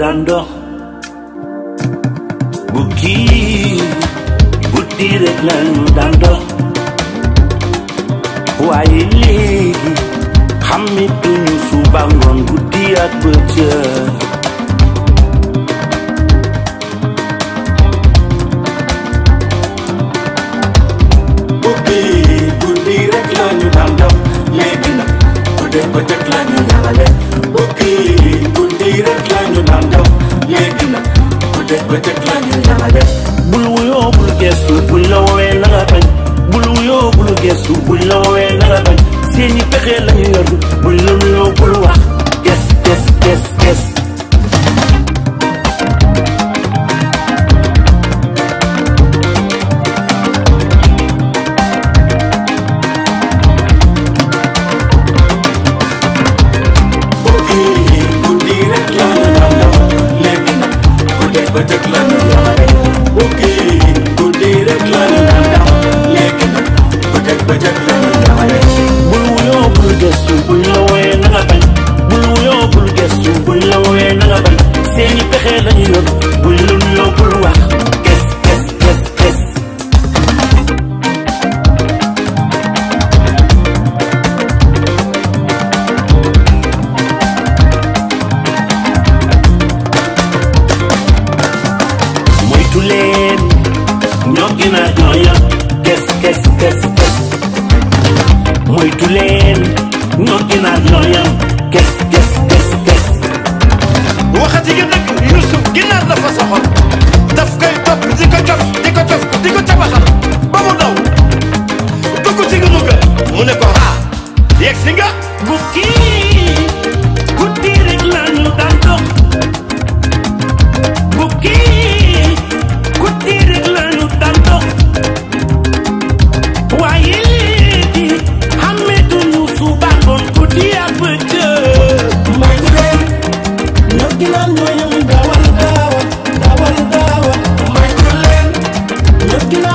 daan dox bu kii guddi rek lañu daan dox waaye léegi xamituñu suba ngoon guddi ak bëccëg bu kii guddi rek lañu daan dox nag bu dee bëccëg lañu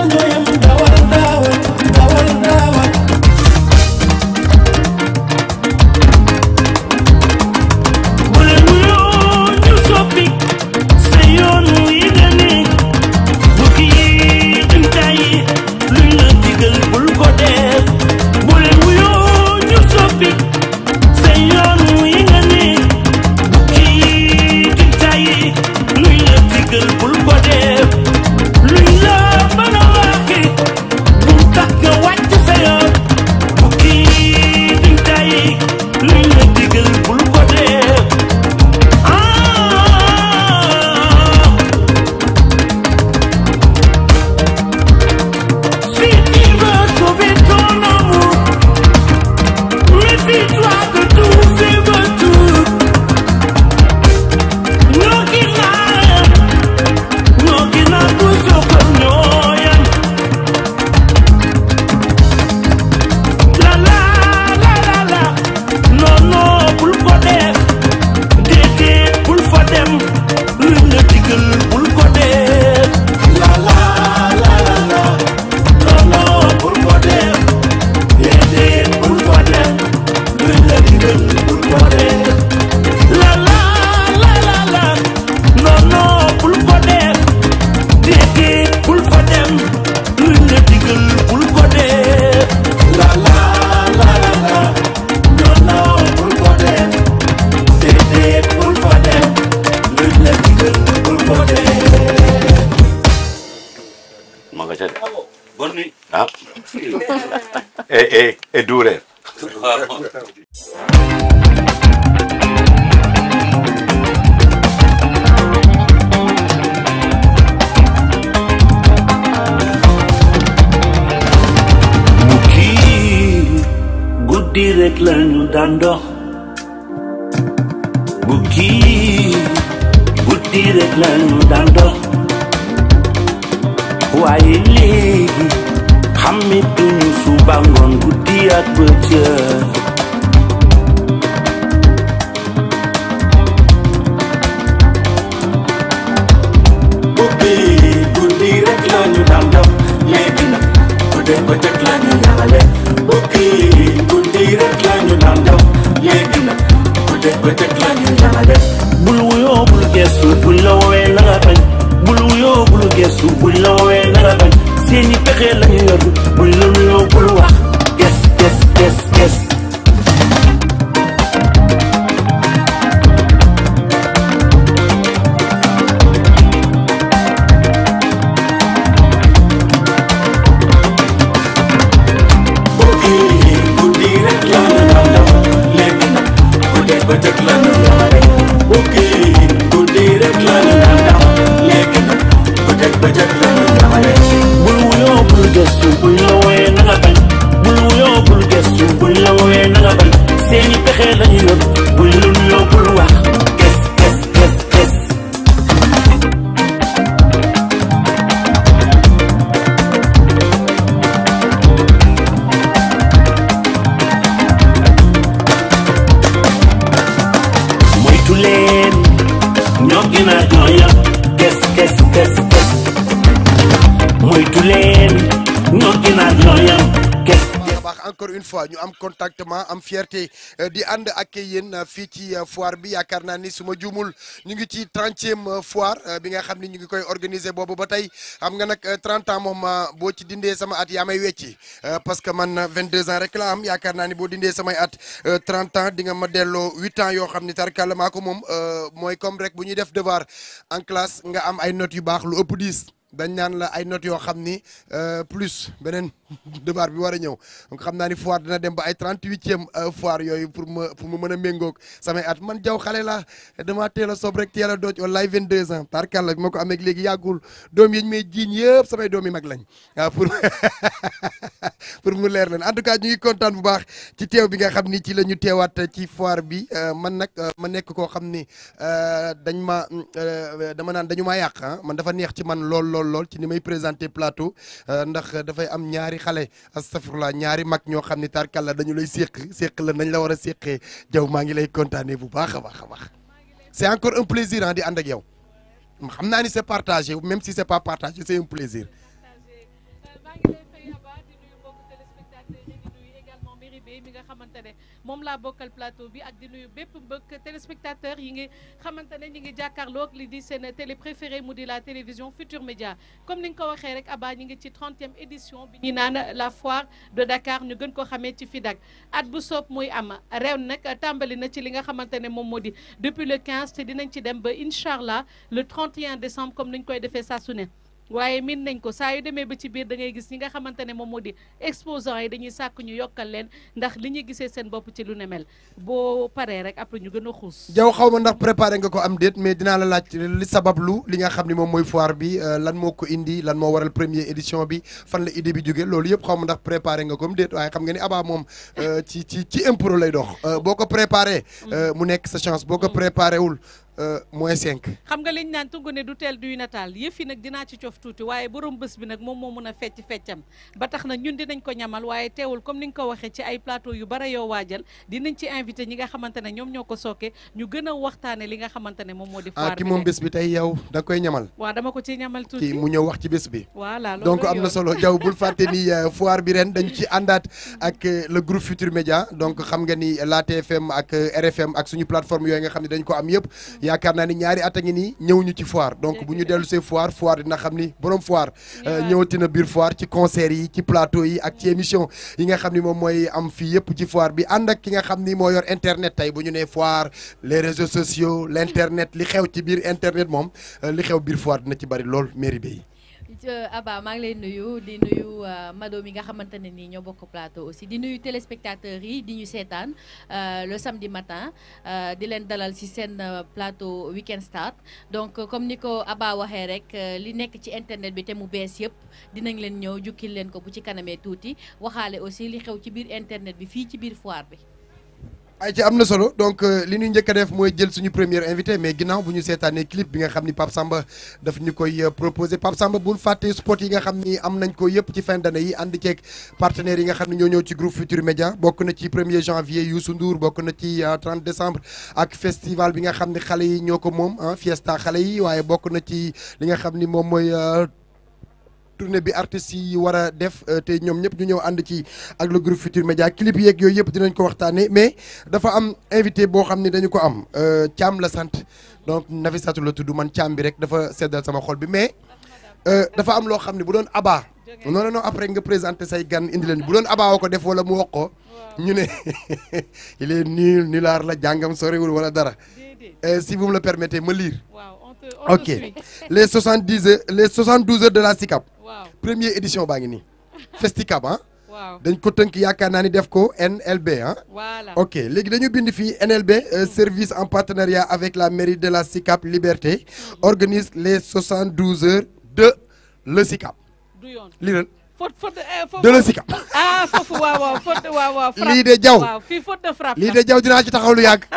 nga yem daan dox bu kii guddi rek lañu daan dox waaye léegi xamituñu suba ngoon guddi ak bëccëg Just to nokki naa looyam kes baax encore une fois ñu am contactement am fierté euh, di ànd ak yéen euh, fii ci euh, foire bi yaakaar naa ni suma jumul ñu ngi ci trentième foire bi nga xam ni ñu ngi koy organiser boobu ba tey xam nga nag trente ans moom boo ci dindee sama at yaa may wecci parce que man vingt deux ans rek la am yaakaar naa ni boo dindee samay at trente ans di nga ma delloo huit ans yoo xam ni tarkalla maa ko moom mooy comme rek bu ñuy def devoir en classe nga am ay notes yu baax lu ëpp dix dañ naan la ay notes yoo xam ni euh, plus beneen. départ bi war a ñëw donc xam naa ni foire dina dem ba ay trente huitième euh, foire yooyu pour ma pour ma mën a méngoog samay at man jaw xale la dama teel a sob rek teel a dooj wallaay vingt deux ans tarkalla bi ma ko amee léegi yàggul doom yi ñu may jiiñ yëpp samay doom yi mag lañ waaw pour pour mu leer leen en tout cas ñu ngi kontaan bu baax ci teew bi nga xam ni ci la ñu teewaat ci foire bi euh, man nag euh, ma nekk koo xam ni dañ ma dama naan dañu maa yàq ah man dafa neex ci man lool lool lool ci ni may présenté plateau ndax dafay am ñaari xale astafurlah ñaari mag ñoo xam ni ne tarkalla dañu lay séq séq la nañ la war a séqee jaw maa ngi lay kontaanee bu baax a baax a baax c'est encore un plaisir ah di ànd ak yow xam naa ni c'est partagé même si c'est pas partagé c'est un plaisir Guèye mi nga xamante ne moom laa bokkal plateau bi ak di nuyu bépp mbëkk téléspectateur yi ngi xamante ne ñi ngi jàkkaarloo ak li di seen télé préféré mu di la télévision Futur Média comme ni nga ko waxee rek Abba ñi ngi ci 30e édition bi ñu naan la foire de Dakar ñu gën ko xamee ci FIDAK at bu soob muy ama rew nag tàmbali na ci li nga xamante ne moom moo di depuis le 15 te dinañ ci dem ba incha allah le 31 décembre comme ni ñu koy defee saa waaye min nañ ko saa yu demee ba ci biir da ngay gis ñi nga xamante ne moom moo di exposants yi dañuy sàkk ñu yokkal leen ndax li ñu gisee seen bopp ci lu ne mel boo paree rek après ñu gën a xuus jaw xaw ma ndax préparé nga ko am déet mais dinaa la laaj li sabab lu li nga xam ne moom mooy foire bi euh, lan moo ko indi lan moo waral premier édition bi fan la idée bi jóge loolu yëpp xaw ma ndax préparé nga koom am déet waaye xam nga ni abaa moom euh, ci ci ci impro lay dox euh, boo ko préparé mm. mu nekk sa chance boo ko mm. préparé wul Euh, moins cinq. xam nga liñ naan tugg ne du teel duy nataal yëf yi nag dinaa ci coof tuuti waaye borom bés bi nag moom moo mun a fecc feccam ba tax na ñun dinañ ko ñamal waaye teewul comme ni nga ko waxee ci ay plateau yu bare yoo waajal dinañ ci invité ñi nga xamante ne ñoom ñoo ko sooke ñu gën a waxtaane li nga xamante ne moom moo di. Ah, foire bi moom bés bi tey yow da koy ñamal. waa dama ko ciy ñamal tuuti mu ñëw wax ci bés bi. voilà donc am na solo jaw bul fàtte ni euh, foire bi ren dañu ci àndaat ak euh, le groupe Futur donc xam nga ni la TFM ak RFM ak suñu plateforme yooyu nga xam ne dañ ko am yëpp yaakaar naa ni ñaari at a ngi nii ñëwuñu ci foire donc bu ñu dellu see foire foire dina xam ni borom foire euh, ñëwati biir foire ci concert yi ci plateau yi ak ci émission yi nga xam ni moom mooy am fii yëpp ci foire bi ànd ak ki nga xam ni moo yor internet tey bu ñu nee foire les réseaux sociaux l' internet li xew ci biir internet moom euh, li xew biir foire dina ci bari lool mairie bi Euh, Aba maa ngi lay nuyu di nuyu euh, Mado bi nga xamante ne nii ñoo bokk plateau aussi di nuyu téléspectateurs yi di ñu seetaan euh, le samedi matin di leen dalal ci seen plateau Weekend Start donc comme ni ko Aba waxee rek li nekk ci internet bi te mu bees yëpp dinañ leen ñëw jukkil leen ko bu ci kanamee tuuti waxaale aussi li xew ci biir internet bi fii ci biir foire bi. ay ci am na solo donc euh, li ñuy njëkk def mooy jël suñu première invité mais ginnaaw bu ñu seetaanee clip bi nga xam ni Pape Samba daf ñu koy euh, proposé Pape bul fàtte spot yi nga xam ni am nañ ko yëpp ci fin d'année yi ànd ceeg partenaires yi nga xam ne ñoo ñëw ci groupe Futur Média bokk na ci 1er janvier Youssou Ndour bokk na ci 30 euh, décembre ak festival bi nga xam ne xale yi ñoo ko moom ah fiesta xale yi waaye bokk na ci li nga xam ni moom mooy tournée bi artistes yi war a def euh, te ñoom ñëpp ñu ñëw ànd ci ak le groupe Futur Média clip yeeg yooyu yëpp dinañ ko waxtaanee mais dafa am invité boo xam ne dañu ko am cam euh, la sant donc Nafisatu la tudd man cam bi rek dafa seddal sama xol bi mais euh, dafa am loo xam ne bu doon aba non non après nga présenté say gan indi leen bu doon Abba woo ko def wala mu wax ko ñu ne il est nul nulaar la jàngam soriwul wala dara si vous me le permettez ma liir ok les soixante dix heures les soixante douze heures de la SICAP. waaw première édition baa ngi nii. Festicap ah. waaw dañ ko tënk yaakaar naa ni def ko NLB ah. voilà ok léegi dañu bind fii NLB euh, service en partenariat avec la mairie de la Sicap Liberté mhm. organise les 72 heures de le Sicap. du yoon faute faute eh, de ah, foofu waaw waaw faute lii de jaww waaw fii faute de frappe. lii de jaww dinaa ci taxaw lu yàgg.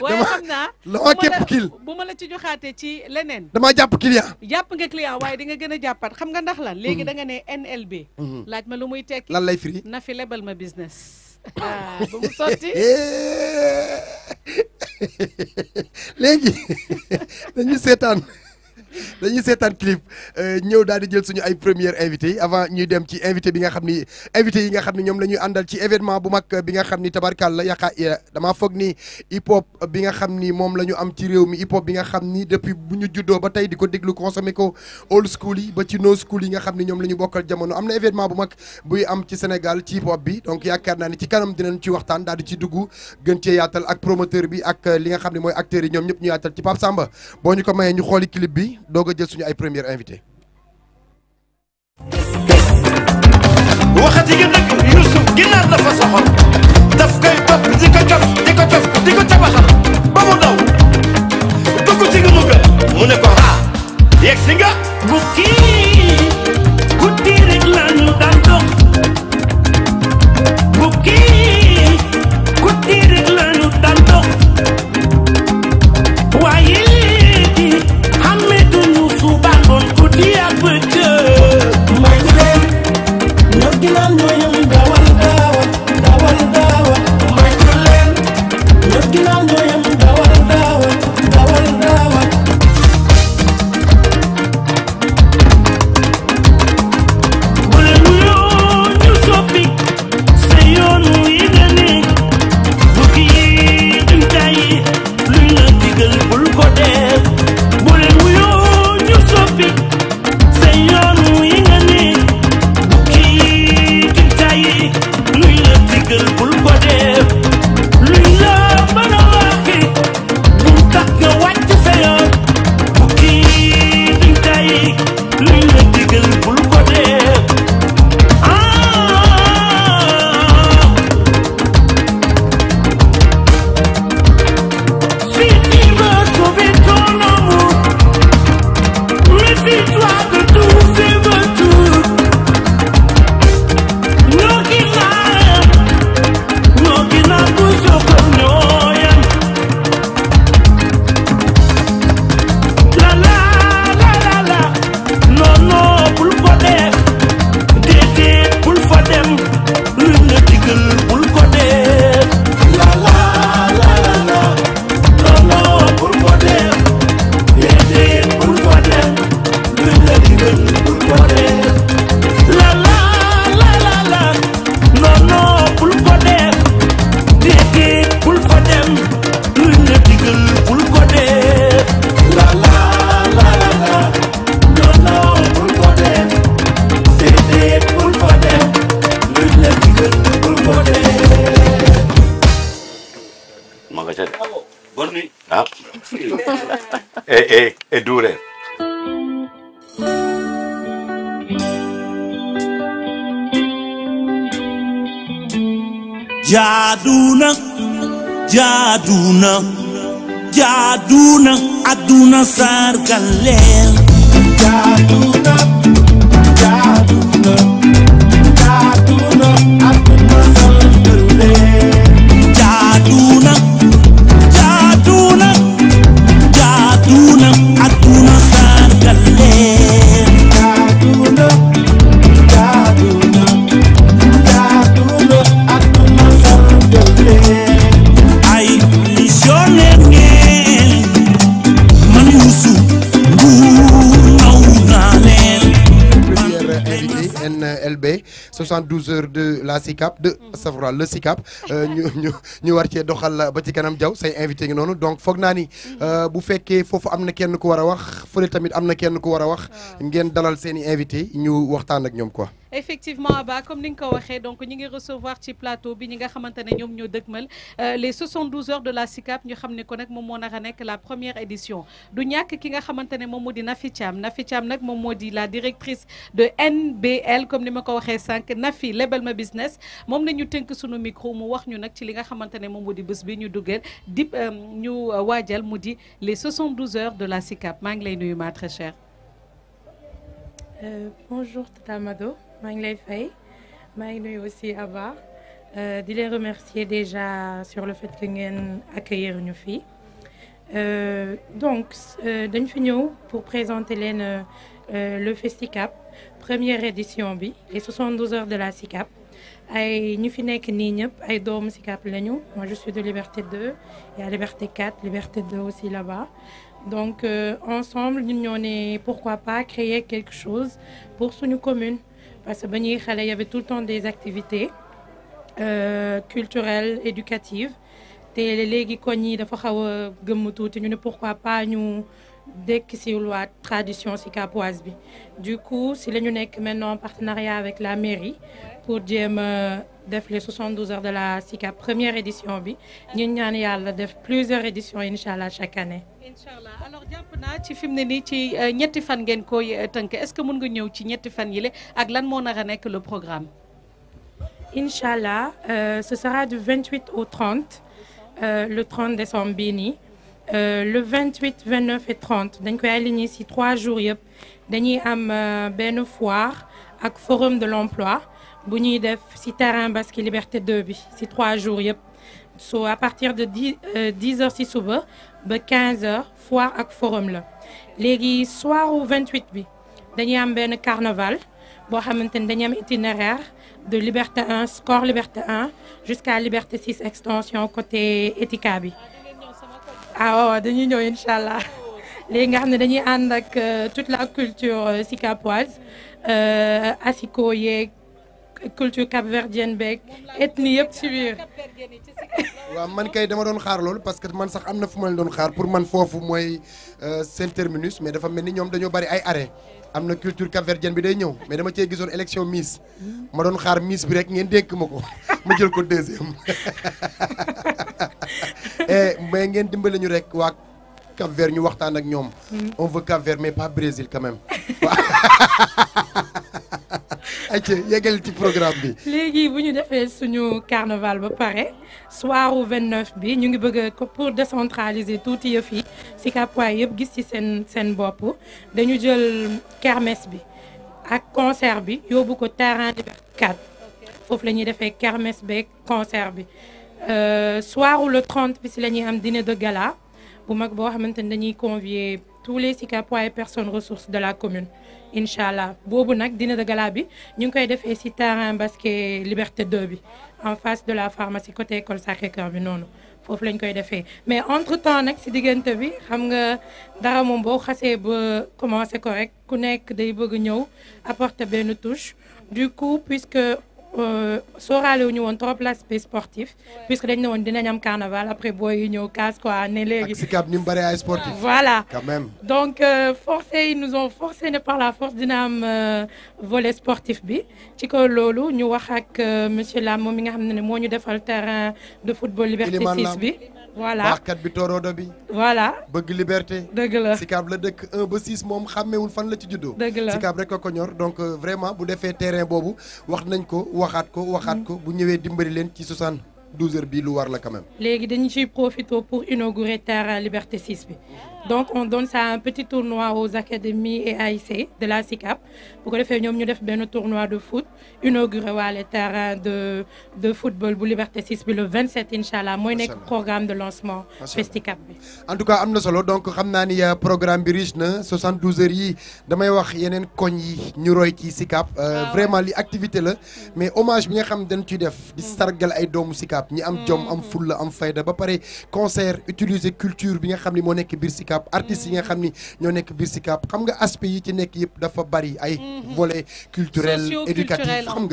waaye xam naa. dama képp kil bu ma la ci joxaatee ci leneen. damaa jàpp client. jàpp nga client waaye di nga gën a jàppaat xam nga ndax lan. léegi mm-hmm. da ne NLB. Mm-hmm. laaj ma lu muy tekki lan lay firi. na fi lebal ma business. Ah, ba mu sotti léegi dañuy seetaan. dañuy seetaan clip euh, ñëw daal di jël suñu ay première invité yi ñuy dem ci invité nga xam ni invité yi nga xam ni ñoom la ñuy àndal ci événement bu mag bi nga xam ni tabarkàlla yaqaa euh, damaa foog ni hip hop nga xam ni moom la ñu am ci réew mi hip hop bi nga xam ni depuis bu ñu juddoo ba tey di ko déglu consommé ko old school yi ba ci no school yi nga xam ni ñoom la ñu bokkal jamono am na événement bu mag buy am ci Sénégal ci hip hop bi donc yaakaar naa ni ci kanam dinañ ci waxtaan daal di ci dugg gën cee yaatal ak promoteur bi ak euh, li nga xam ne mooy acteur yi ñoom ñëpp ñu yaatal ci Pape Samba boo ñu ko mayee ñu xooli clip bi doog a jël suñu ay première invité waxati nga nag Youssouf ginaar dafa soxal daf koy topp di ko cof di ko cof di ko cabaxal ba mu daw e durel jaaduna jaaduna jaaduna adduna sargal leen jaaduna jaaduna B 72 heures de la SICAP de mhm. safra le SICAP euh, ñu ñu ñu war cee doxal ba ci kanam jaw say invité ngi noonu donc foog naa ni mhm. euh, bu fekkee foofu am na kenn ku war a wax fële tamit am na kenn ku war a wax ngeen dalal seen i invité ñu waxtaan ak ñoom quoi effectivement Aba comme ni nga ko waxee donc ñi ngi recevoir ci plateau bi nga xamante ne ñoom ñoo dëgmal euh, les 72 heures de la SICAP ñu xam ne ko nag moom moo nar a nekk la première édition du ñàkk ki nga xamante ne moom moo di Nafi Thiam Nafi Thiam nag moom moo di la directrice de NBL comme ni ma ko waxee sànq Nafi lebel ma business moom la ñu tënk sunu micro mu wax ñu nag ci li nga xamante ne moom moo di bés bi ñu duggeel di euh, ñu waajal mu di les 72 heures de la SICAP maa ngi lay nuyu ma très cher. Euh, maa ngi lay fay maa ngi nuyu aussi Aba euh, di les remercier déjà sur le fait que ngeen accueillir ñu fii euh, donc euh, dañ fi ñëw pour présenter leen le FESTICAP première édition bi les 72 heures de la SICAP ay ñu fi nekk nii ñëpp ay doomu SICAP lañu moi je suis de Liberté 2 y a Liberté 4 Liberté 2 aussi là-bas donc euh, ensemble ñun ñoo ne pourquoi pas créer quelque chose pour suñu commune parce que ba ñuy xale y avait tout le temps des activités euh, culturelles éducatives te léegi koñ yi dafa xaw a gëmm tuuti ñu ne pourquoi pas ñu dekk si luwaat tradition si Kapoise bi du coup si la ñu nekk maintenant en partenariat avec la mairie pour jéem a def les 72 heures de la SICAP première édition bi ñu ñaan yàlla def plusieurs éditions incha allah chaque année. incha allah alors jàpp naa ci fi ne nii ci euh, ñetti fan ngeen koy euh, tënk est-ce que mën nga ñëw ci ñetti fan yi la ak lan moo nar a nekk le programme. incha allah euh, ce sera du 28 au 30 euh, le 30 décembre bii nii euh, le 28 29 et 30 dañ koy aligné ci trois jours yëpp dañuy am euh, benn foire ak forum bu ñuy def si terrain basket Liberté 2 bi si trois jours yëpp so à partir de dix euh, dix heures ci suba ba quinze heures foire ak forum la léegi soiru 28 bi dañuy am benn carnaval boo xamante ni dañuy am itinéraire de Liberté 1 score Liberté 1 jusqu'à Liberté 6 extension côté Etika bi ah waaw dañuy ñëw incha allah léegi nga xam ne dañuy ànd ak euh, toute la culture euh, sikapoise asiko yeeg culture capverdienne beeg ethnie yëpp ci biir. waaw man kay dama doon xaar loolu parce que man sax am na fu ma leen doon xaar pour man foofu mooy euh, seen terminus mais dafa mel ni ñoom dañoo bari ay arrêt am na culture capverdienne bi day ñëw mais dama cee gisoon élection Miss ma doon xaar Miss bi rek ngeen dénk ma ko ma jël ko deuxième eh, mais ngeen dimbale ñu rek waa Cap Vert ñu waxtaan ak ñoom. Mm. on veut Cap Vert mais pas Brésil quand ayca yeggal ci programme bi. léegi bu ñu defee suñu carnaval ba pare soiru 29 bi ñu ngi bëgg pour décentraliser tuuti yëf yi si kàppaay yëpp gis ci seen seen bopp dañu jël kermesse bi ak concert bi yóbbu ko terrain Liberté 4 foofu la ñuy defee kermesse beeg concert bi euh, soiru le 30 bi si la ñuy am dîner de gala bu mag boo xamante ni dañuy convier tous les ci Sikapois et personnes ressources de la commune. incha allah boobu nag dina de gala bi ñu ngi koy defee ci terrain basket Liberté 2 bi en face de la pharmacie côté école Sacré-Cœur bi noonu foofu lañ koy defee mais entre temps nag ci diggante bi xam nga dara moom boo xasee ba commencé ko rek ku nekk day bëgg ñëw apporter benn touche du coup puisque Euh, sóoraale wu ñu woon trop l'aspect sportif puisque dañ ne dina dinañ am carnaval après booy yu ñëw casse quoi ne léegi. ak Sicap ni mu bëree ay sportif. voilà quand même. donc euh, forcé ils nous ont forcé ne par la force dina am euh, volet sportif bi ci ko loolu ñu wax ak monsieur Lam moom mi nga xam ne moo ñu defal terrain de football liberté 6 bi. voilà baaxkat bi tooroodo bi. voilà bëgg liberté. dëgg la dëkk 1 ba 6 moom xàmmewul fan la ci juddoo. dëgg la rek a ko ñor donc euh, vraiment bu defee terrain boobu wax nañ ko waxaat ko waxaat ko bu ñëwee dimbali leen ci 60. 12 heures bi lu war la quand même. léegi dañu ciy profité pour inaugurer terrain Liberté 6 bi donc on donne ça un petit tournoi aux académies et de la SICAP bu ko defee ñoom ñu def benn tournoi de foot inauguré waale terrain de de football bu Liberté 6 bu le 27 incha allah mooy nekk programme de lancement. FESTICAP bi. en tout cas am na solo donc xam naa ni euh, programme bi riche na 72 heures yi damay wax yeneen koñ yi ñu roy ci SICAP. Euh, ah vraiment li activité la mais hommage bi nga xam dañ ciy def. di mm. sargal ay doomu SICAP. Sicap ñi am jom am fulla am fayda ba pare concert utiliser culture bi nga xam ni moo nekk biir Sicap artistes yi nga xam ni ñoo nekk biir Sicap xam nga aspect yi ci nekk yëpp dafa bari ay mhm. volet culturel éducatif xam nga